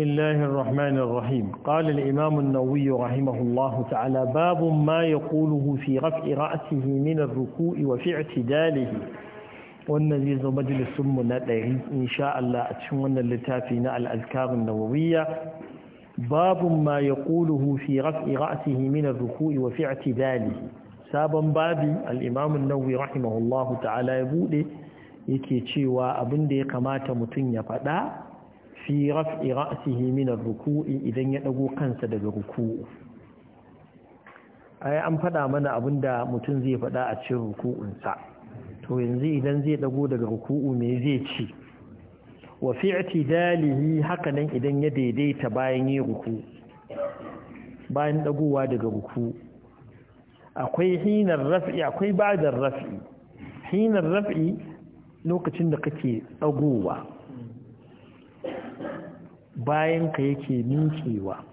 بسم الله الرحمن الرحيم قال الإمام النووي رحمه الله تعالى باب ما يقوله في رفع رأسه من الركوع وفي اعتداله والنزي مجلس سمنا إن شاء الله أتشمنا لتافينا الأذكار النووية باب ما يقوله في رفع رأسه من الركوع وفي اعتداله سابا بابي الإمام النووي رحمه الله تعالى يقول يكي تشيوى أبن دي كمات متن يفدا fi raf'i ra'sihi min ar-ruku'i idan ya dago kansa daga ruku'u ai an fada mana abinda mutum zai fada a cikin ruku'un sa to yanzu idan zai dago daga ruku'u me zai ci wa fi i'tidalihi haka nan idan ya daidaita bayan yi ruku bayan dagowa daga ruku akwai hinar raf'i akwai ba'dar raf'i hinar raf'i lokacin da kake dagowa bayan ka yake minkewa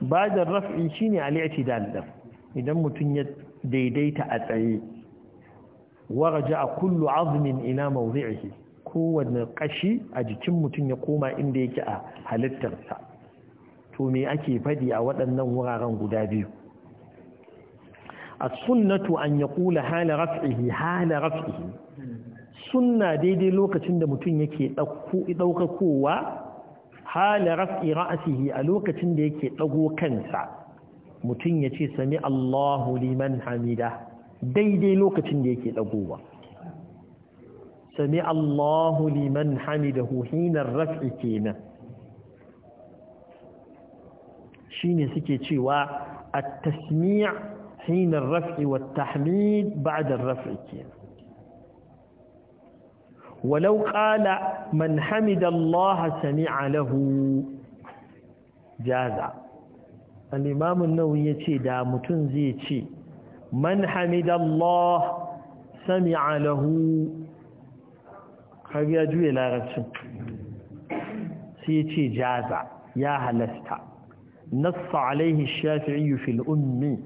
bajin raf'i shine Ali itidal idan mutum ya daidaita a tsaye Waraje a kullu azumin ina mawdi'ihi kowanne ƙashi a jikin mutum ya koma inda yake a halittarsa to me ake fadi a waɗannan wuraren guda biyu as-sunnatu an yaqula hala raf'ihi hala raf'ihi sunna daidai lokacin da mutum yake ɗaukakowa hala raf'i ra'asihi a lokacin da yake ɗago kansa mutum ya ce sami Allahu liman hamida daidai lokacin da yake ɗagowa sami Allahu liman hamidahu hinar raf'i kenan shine suke cewa at-tasmi' hinar raf'i wat tahmid ba'da rafi kenan walau qala man hamida Allah sami'a lahu jaza al-imam an-nawawi yace da mutum zai ce man hamida Allah sami'a lahu har ya juye larabcin sai yace jaza ya halasta nassa alaihi shafi'i fil ummi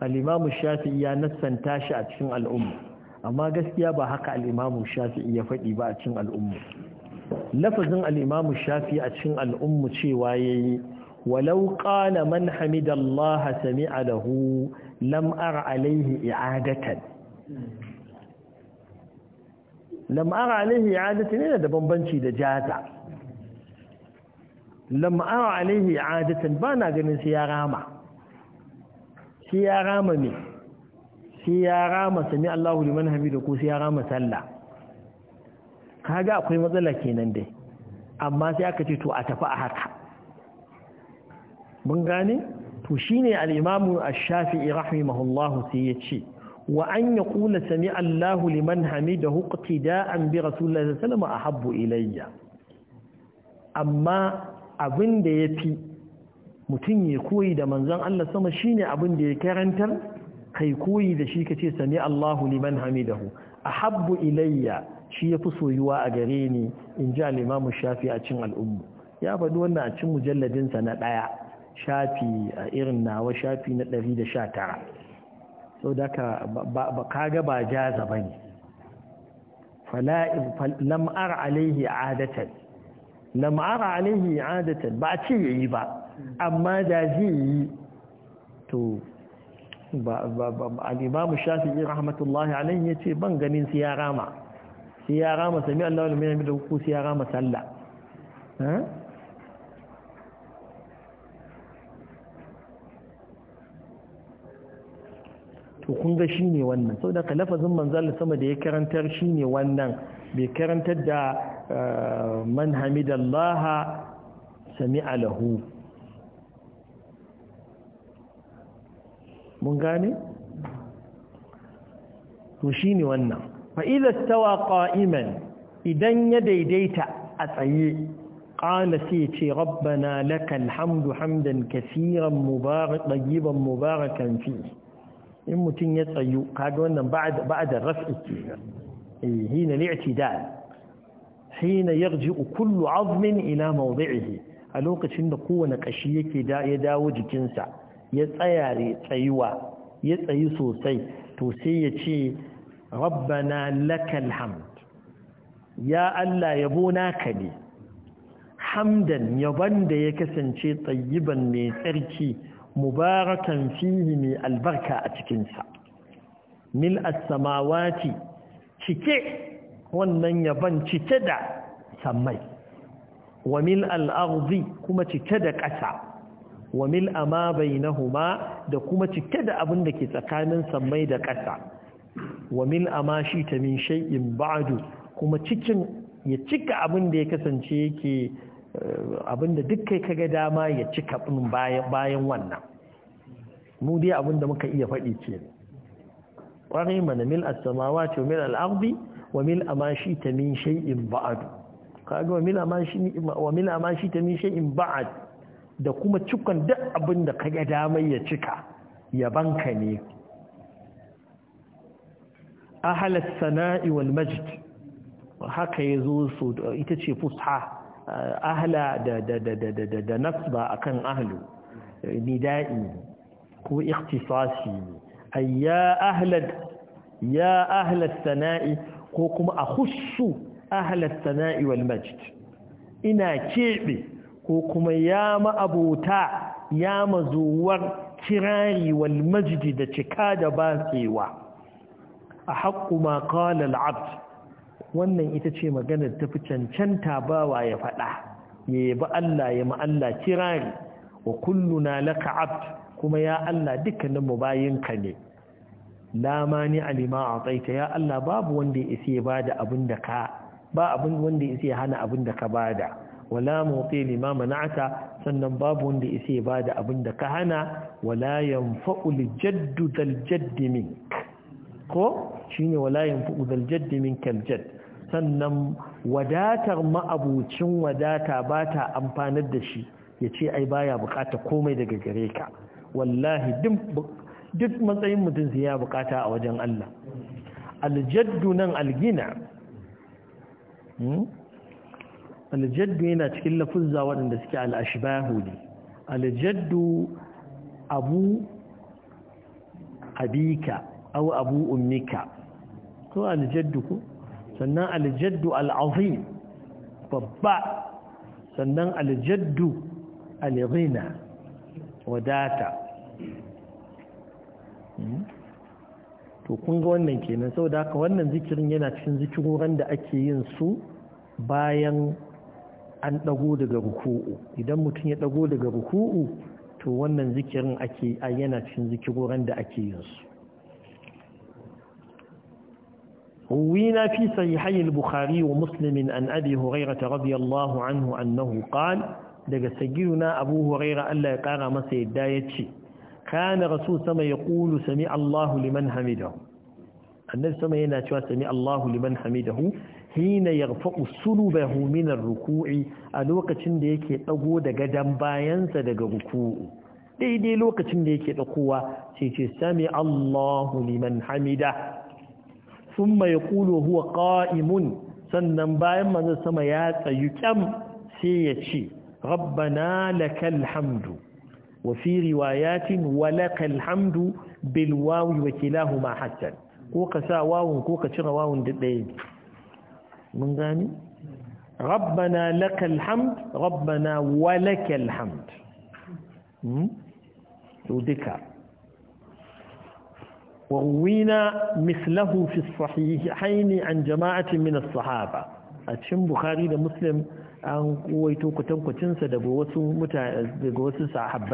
al-imam shafi'i ya nassanta shi a cikin al'umma. amma gaskiya ba haka al'imamu shafi'i ya faɗi ba a cin al'ummu lafazin al'imamu shafi'i a cin al'ummu cewa ya yi walau ƙala man hamidallaha sami alahu lam'ar alaihi i'adatan lam'ar alaihi i'adatan yana da bambanci da jaza lam'ar alaihi i'adatan ba na ganin sai ya rama sai ya rama ne sai ya rama sami Allahu liman hamidu ko sai ya rama sallah kaga akwai matsala kenan dai amma sai aka ce to a tafi a haka mun gane to shine al-imamu ash-shafi'i rahimahullahu sai ya ce wa an yaqula sami Allahu liman hamidahu iqtida'an bi rasulillahi sallallahu alaihi ahabbu ilayya amma abin da yafi mutum ya koyi da manzon Allah sama shine abin da ya karantar kai koyi da shi kace sami Allahu liman hamidahu ahabbu ilayya shi yafi soyuwa a gare ni in ji al Shafi a cin al'umma ya faɗi wannan a cikin mujalladin sa na ɗaya. shafi a irin nawa shafi na 119 saboda ka ba kaga ba jaza bane fala lam ar alaihi adatan lam alaihi adatan ba ce yayi ba amma da zai yi to al'imamu shafi'i rahmatullahi alayhi ya ce ban ganin siya rama siya rama sami Allah wani mai da hukun sai rama sallah eh? to kunga shi ne wannan sau da kalafazin manzal sama da ya karantar shi ne wannan bai karantar da eh, man hamidallaha sami alahu mun gane to wannan fa idza stawa qa'iman idan ya daidaita a tsaye qala sai ce rabbana lakal hamdu hamdan kaseeran mubarak tayyiban mubarakan fi in mutun ya tsayu kaga wannan ba'da ba'da raf'i ke eh hina li'tidal حين يرجع كل عظم إلى a lokacin da kowane ƙashi yake da dawo jikinsa ya tsaya tsayuwa ya tsayi sosai to sai ya ce rabbana lakal hamd ya Allah yabo naka ne hamdan yabon da ya kasance tsayiban mai tsarki mubarakan fihi mai albarka a cikinsa mil as-samawati cike wannan yabon cike da sammai wa mil al-ardi kuma cike da ƙasa wa mil ama bainahuma da kuma cike da abin da ke tsakanin sammai da ƙasa wa mil ama shi ta min shay'in ba'du kuma cikin ya cika abin da ya kasance yake eh, abin da duk kai kaga dama ya cika bin bayan wannan mu dai abin da muka iya faɗi ce ƙwarai mana mil as-samawati wa mil al-ardi wa mil shi ta min shay'in ba'du kaga wa mil shi wa mil shi ta min shay'in ba'du da kuma cikon duk abin da ka ga damai ya cika yabanka ne ahalas sana'i wal majd haka yazo su ita ce fusha ahla da da da da da nasba akan ahlu nida'i ko ikhtisasi ay ya ahla ya sana'i ko kuma a ahla sana'i wal ina keɓe. ko kuma ya ma'abota ya mazuwar kirari wal majdi da cika da batsewa a haƙƙu ma qala abd wannan ita ce maganar tafi cancanta bawa ya faɗa ya yabi Allah ya ma'alla kirari wa kulluna laka abd kuma ya Allah dukkanin mu bayinka ne la ni alima ataita ya Allah babu wanda ya isa ya bada abin da ka ba abin wanda ya isa ya hana abin da ka bada wala muqi na mana'ata sannan babu wanda ba bada abin da ka hana wala yanfa'u lijaddu dal min ko shine wala yanfa'u min kal sannan wadatar ma'abucin wadata ba ta amfanar da shi ya ce ai baya bukata komai daga gare ka wallahi duk matsayin mutum sai ya bukata a wajen Allah aljaddu nan algina hmm? aljaddu yana cikin lafuzza waɗanda suke al'ashibahu ne aljaddu abu abika au abu ummika ko aljaddu ku sannan aljaddu al'azim babba sannan aljaddu alirina wadata hmm? to kun ga wannan kenan saboda haka wannan zikirin yana cikin zikiroran da ake yin su bayan an ɗago daga ruku'u idan mutum ya ɗago daga ruku'u to wannan zikirin ake yana cikin zikirorin da ake yin su ووينا في صحيحي البخاري ومسلم عن أبي هريرة رضي الله عنه أنه قال لقى سجلنا أبو هريرة ألا يقار ما سيدايتشي كان رسول سما يقول سمع الله لمن حمده النبي سما يناتوا سمع الله لمن حمده hina yarfa'u sulubahu min ar-ruku'i a lokacin da yake ɗago daga dan bayansa daga ruku'u daidai lokacin da yake ɗakowa ce ce sami Allahu liman hamida mai yaqulu huwa ka'imun sannan bayan manzo sama ya tsayu kyam sai ya ce rabbana lakal hamdu wa fi riwayatin wa lakal hamdu bil wawi wa kilahuma hasan ko ka sa wawun ko ka cire wawun duk ɗaya mun gani rabbana lakal hamd rabbana walakal hamd hmm to dika wa wina mislahu fi sahihain an jama'ati min as-sahaba a cikin bukhari da muslim an kuwaito kutankucin sa daga wasu mutane daga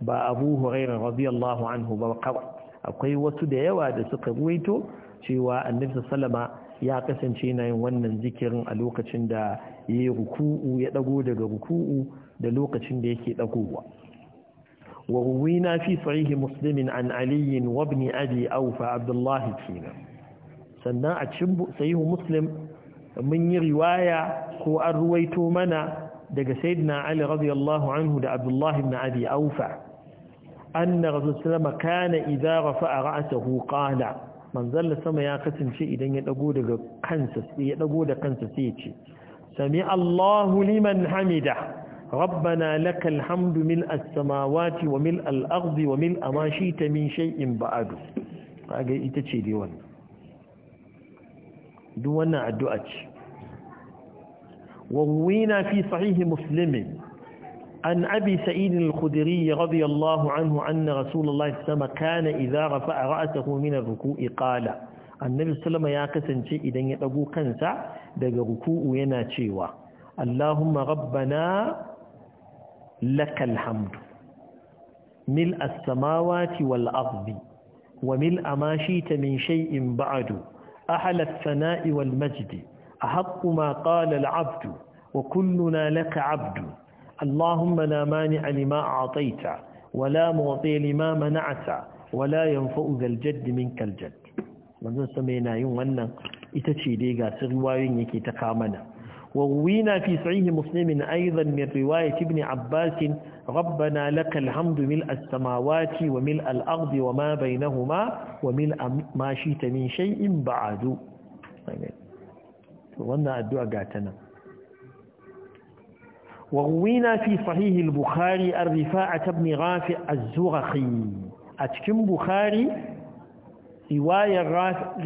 ba abu hurairah radiyallahu anhu ba kawai akwai wasu da yawa da suka ruwaito cewa annabi sallama ya kasance na yin wannan zikirin a lokacin da ya yi ruku'u ya dago daga ruku'u da lokacin da yake dagowa wa ruwina fi sahih muslim an ali wa ibn abi awfa abdullah kina sannan a cikin sahih muslim mun yi riwaya ko an ruwaito mana daga sayyidina ali radiyallahu anhu da abdullah ibn abi awfa anna rasul sallama kana idza rafa'a ra'sahu qala manzalla sama ya kasance idan ya dago daga kansa sai ya dago da kansa sai ya ce sami Allahu liman hamida rabbana lakal hamdu mil as-samawati wa mil al-ardi wa mil amashi ta min shay'in ba'du kage ita ce dai wannan duk wannan addu'a ce wawina fi sahihi muslimin عن أبي سعيد الخدري رضي الله عنه أن رسول الله صلى الله عليه وسلم كان إذا رفع رأسه من الركوع قال النبي صلى الله عليه وسلم يا إذا يدعو كنسا دق ركوع يناتشيوا اللهم ربنا لك الحمد ملء السماوات والأرض وملء ما شئت من شيء بعد أحل الثناء والمجد أحق ما قال العبد وكلنا لك عبد اللهم لا مانع لما أعطيت ولا معطي لما منعت ولا ينفع ذا الجد منك الجد manzon sama yana yin wannan ita ce dai ga su riwayoyin yake ta kamana وروينا في صحيح مسلم أيضا من رواية ابن عباس ربنا لك الحمد ملء السماوات وملء الأرض وما بينهما وملء ما شئت من شيء بعد وانا الدعاء قاتنا وروينا في صحيح البخاري الرفاعة بن رافع الزرخي أتكم بخاري رواية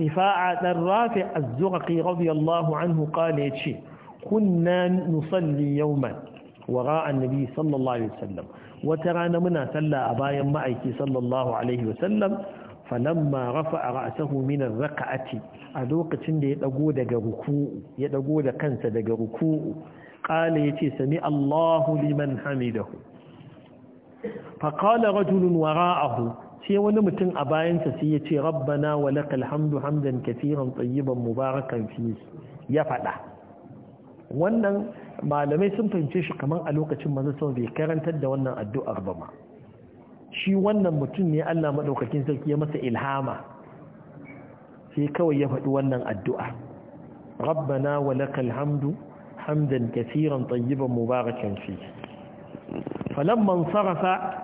رفاعة الرافع الزرقي رضي الله عنه قال يتشي كنا نصلي يوما وراء النبي صلى الله عليه وسلم وترانا منا صلى أبايا معك صلى الله عليه وسلم فلما رفع رأسه من الرقعة أدوك تندي يدقو دق ركوء يدقو دقنس دق ركوء ƙala ya ce sami Allahu liman hamidahu faƙala rajulun wara'ahu sai wani mutum a bayansa sai ya ce rabbana wa laƙal hamdu hamdan kafiran tsayiban mubarakan fi ya faɗa wannan malamai sun fahimce shi kamar a lokacin manzo sau bai karantar da wannan addu'ar ba ma shi wannan mutum ne Allah maɗaukakin sarki ya masa ilhama sai kawai ya faɗi wannan addu'a rabbana wa lakal hamdu حمدا كثيرا طيبا مباركا فيه فلما انصرف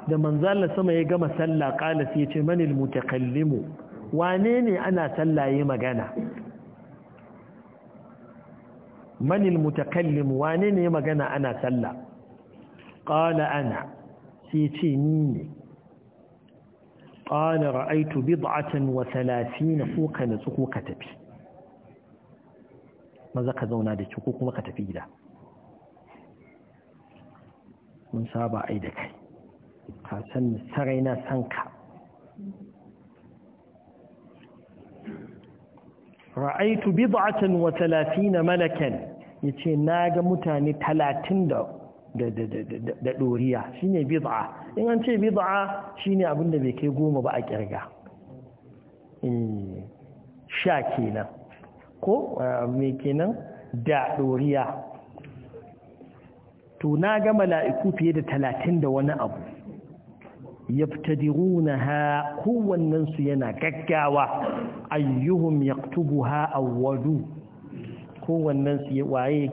ده من زال سما يجمع سلا قال سيتي من المتكلم وانيني انا سلا يي من المتكلم وانيني يي انا سلا قال انا سيتي قال رايت بضعه وثلاثين فوقا سوقا تبي maza ka zauna da ki ko kuma ka tafi gida mun saba ai da kai ka san sarai na san ka ra'aitu bid'atan wa talatina malakan yace ga mutane talatin da da doriya shine bid'a in an ce bid'a shine abin da bai kai goma ba a ƙirga in eh, sha kenan ko eh, mai kenan da ɗoriya to na ga mala'iku fiye da talatin da wani abu ya fitadiruna ha kowannensu yana gaggawa ayyuhum ya ha a awwalu kowannensu waye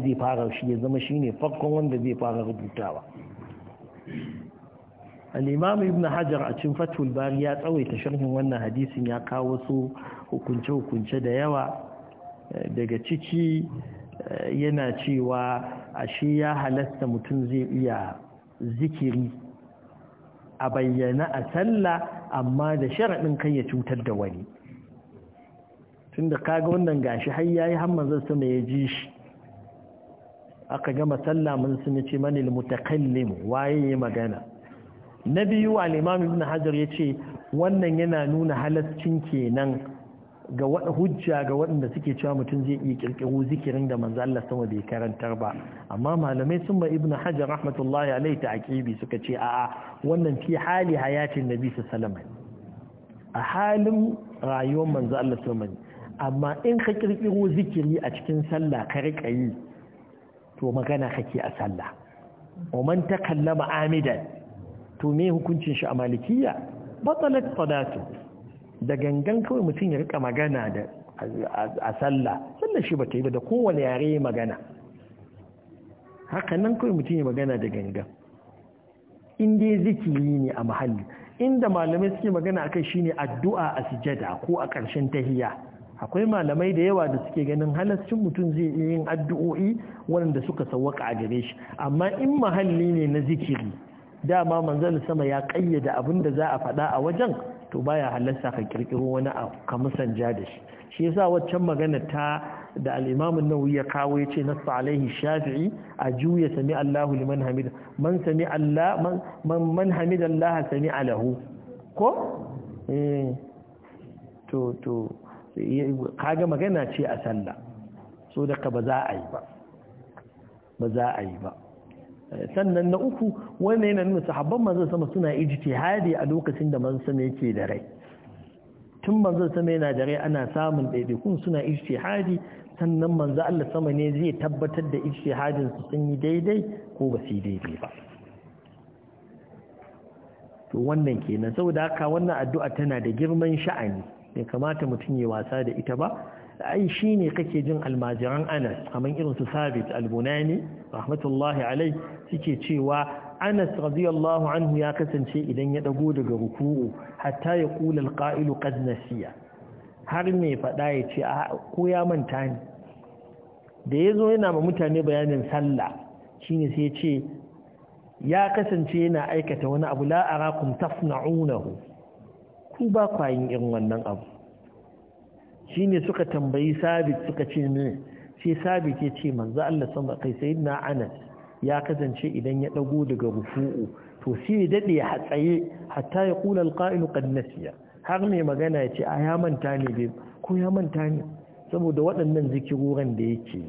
zai fara shi ya zama shi ne farkon wanda zai fara rubutawa al'imamu ibn hajar a cin fatul bari ya tsawaita sharhin wannan hadisin ya kawo su hukunce-hukunce da yawa daga ciki eh, yana cewa ashe ya halasta mutum zai iya zikiri a bayyana a sallah amma da sharaɗin kan ya cutar da wani tun da kaga wannan gashi har yayi hamman zai sama ya ji shi aka gama sallah mun sun ce manil mutakallim waye ya magana na biyu alimami zina ibn ya ce wannan yana nuna halascin kenan ga wada hujja ga waɗanda suke cewa mutum zai iya kirkiro zikirin da manzo Allah sama bai karantar ba amma malamai sun ba ibnu hajar rahmatullahi alaihi ta'qibi suka ce a'a wannan fi hali hayatin nabi sallallahu alaihi a halin rayuwar manzo Allah sama amma in ka kirkiro zikiri a cikin sallah ka rika yi to magana kake a sallah wa man takallama amidan to me hukuncin shi a malikiyya batalat salatu da gangan kawai mutum ya rika magana da a sallah sallah shi bata yi ba da kowane yare magana Hakanan kawai mutum ya magana da gangan in dai zikiri ne a mahalli inda malamai suke magana akai shine addu'a a sujada ko a ƙarshen tahiya akwai malamai da yawa da suke ganin halaccin mutum zai iya yin addu'o'i waɗanda suka sawwaka a gare shi amma in muhalli ne na zikiri dama manzon sama ya kayyada abin da za a faɗa a wajen to baya halarta ka kirkiro wani abu ka musanja da shi shi yasa waccan magana ta da al-Imam an-Nawawi ya kawo yace nasu alaihi Shafi'i a juya sami Allahu liman hamida man sami Allah man man, man hamida Allah sami alahu ko eh to to eh, kaga magana ce a sallah so da ka ba za a yi ba ba za a yi ba sannan na uku wannan yana nuna sahabban manzon sama suna ijtihadi a lokacin da manzon sama yake da rai tun manzon sama yana da rai ana samun kun suna ijtihadi sannan manzon Allah sama ne zai tabbatar da ijtihadin su sun yi daidai ko ba su yi daidai ba to wannan kenan saboda haka wannan addu'a tana da girman sha'ani bai kamata mutum ya wasa da ita ba ai shi ne kake jin almajiran anas kamar irin su sabit albunani rahmatullahi alai suke cewa anas radiyallahu anhu ya kasance idan ya dago daga ruku'u hatta ya kula alqa'ilu qad nasiya har me fada ya ce ko ya manta ne da yazo yana ma mutane bayanin sallah shine sai ya ce ya kasance yana aikata wani abu la arakum tasna'unahu ku ba kwayin irin wannan abu Shi ne suka tambayi sabit suka ce ne sai sabit ya ce manzo Allah sama kai sai na Anas ya kasance idan ya dago daga rufu'u to shi ya dade ya hatsaye hatta ya kula alqa'il qad nasiya har mai magana ya ce a ya manta ne be ko ya manta ne saboda waɗannan zikiroran da yake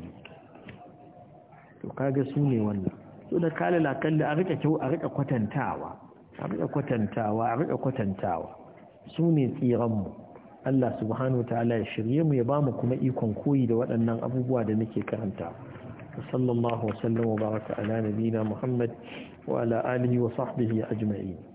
to kaga su ne wannan so da kala kalla a rika kyau a rika kwatantawa a rika kwatantawa a rika kwatantawa su ne mu. Allah subhanahu ta'ala ya shirye mu ya ba mu kuma ikon koyi da waɗannan abubuwa da nake karanta sallallahu wasallam wa baraka ala nabina muhammad wa ala alihi wa sahbihi ajma'in